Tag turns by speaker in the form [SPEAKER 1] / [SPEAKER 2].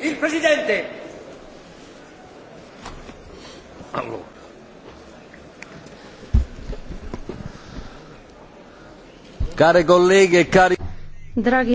[SPEAKER 1] Il Presidente!
[SPEAKER 2] Allora.
[SPEAKER 3] Care colleghe e cari... Draghi.